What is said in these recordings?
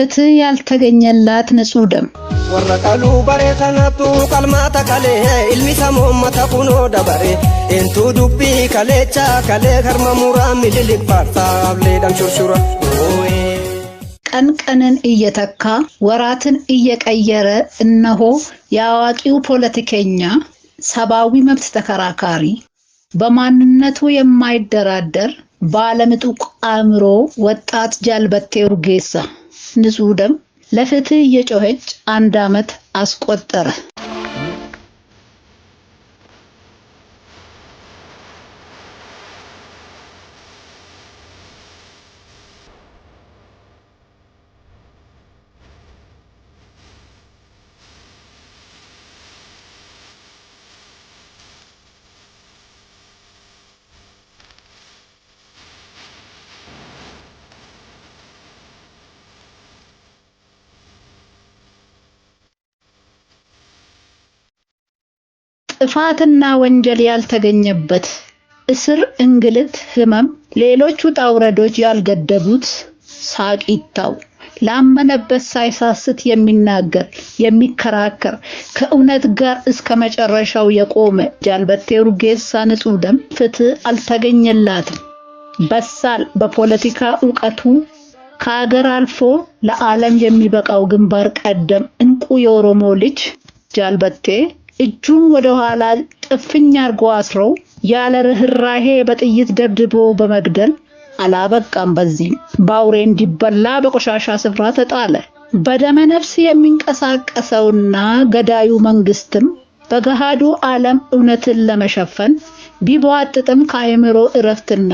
ፍትህ ያልተገኘላት ንጹህ ደም ወረቀሉ በሬ ተነቱ ቀልማተ ከሌ ኢልሚ ሞመተ ኩኖ ደበሬ እንቱ ዱቢ ከሌቻ ከሌ ከርመሙራ ሚልልቅ ፓርታብሌ ደምሹርሹራ ቀን ቀንን እየተካ ወራትን እየቀየረ እነሆ የአዋቂው ፖለቲከኛ ሰብአዊ መብት ተከራካሪ በማንነቱ የማይደራደር ባለምጡቅ አእምሮ ወጣት ጃልበቴ ኡርጌሳ ንጹህ ደም ለፍትህ እየጮኸች አንድ ዓመት አስቆጠረ። ጥፋትና ወንጀል ያልተገኘበት እስር፣ እንግልት፣ ህመም፣ ሌሎች ውጣ ውረዶች ያልገደቡት ሳቂታው ላመነበት ሳይሳስት የሚናገር የሚከራከር ከእውነት ጋር እስከ መጨረሻው የቆመ ጃልበቴ ሩጌሳ ንጹህ ደም ፍትህ አልተገኘላትም። በሳል በፖለቲካ እውቀቱ ከሀገር አልፎ ለዓለም የሚበቃው ግንባር ቀደም እንቁ የኦሮሞ ልጅ ጃልበቴ እጁን ኋላ ጥፍኝ አርጎ አስሮ ያለ ርኅራሄ በጥይት ደብድቦ በመግደል አላበቃም። በዚህም በአውሬ እንዲበላ በቆሻሻ ስፍራ ተጣለ። በደመ ነፍስ የሚንቀሳቀሰውና ገዳዩ መንግስትም በገሃዱ ዓለም እውነትን ለመሸፈን ቢቧጥጥም ከአእምሮ እረፍትና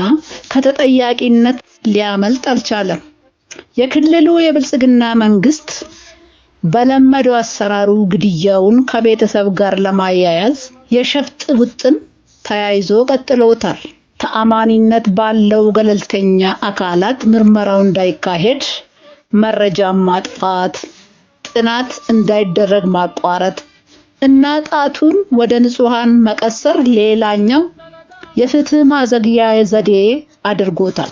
ከተጠያቂነት ሊያመልጥ አልቻለም። የክልሉ የብልጽግና መንግስት በለመደው አሰራሩ ግድያውን ከቤተሰብ ጋር ለማያያዝ የሸፍጥ ውጥን ተያይዞ ቀጥለውታል። ተአማኒነት ባለው ገለልተኛ አካላት ምርመራው እንዳይካሄድ መረጃ ማጥፋት፣ ጥናት እንዳይደረግ ማቋረጥ እና ጣቱን ወደ ንጹሐን መቀሰር ሌላኛው የፍትህ ማዘግያ ዘዴ አድርጎታል።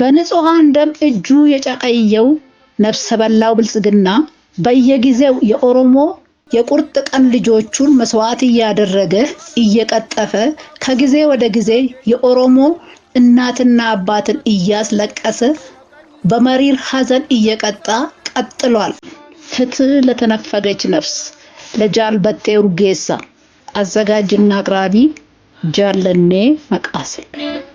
በንጹሃን ደም እጁ የጨቀየው ነፍሰ በላው ብልጽግና በየጊዜው የኦሮሞ የቁርጥ ቀን ልጆቹን መስዋዕት እያደረገ እየቀጠፈ ከጊዜ ወደ ጊዜ የኦሮሞ እናትና አባትን እያስለቀሰ በመሪር ሐዘን እየቀጣ ቀጥሏል። ፍትህ ለተነፈገች ነፍስ ለጃልበቴ ኡርጌሳ። አዘጋጅና አቅራቢ ጃለኔ መቃስል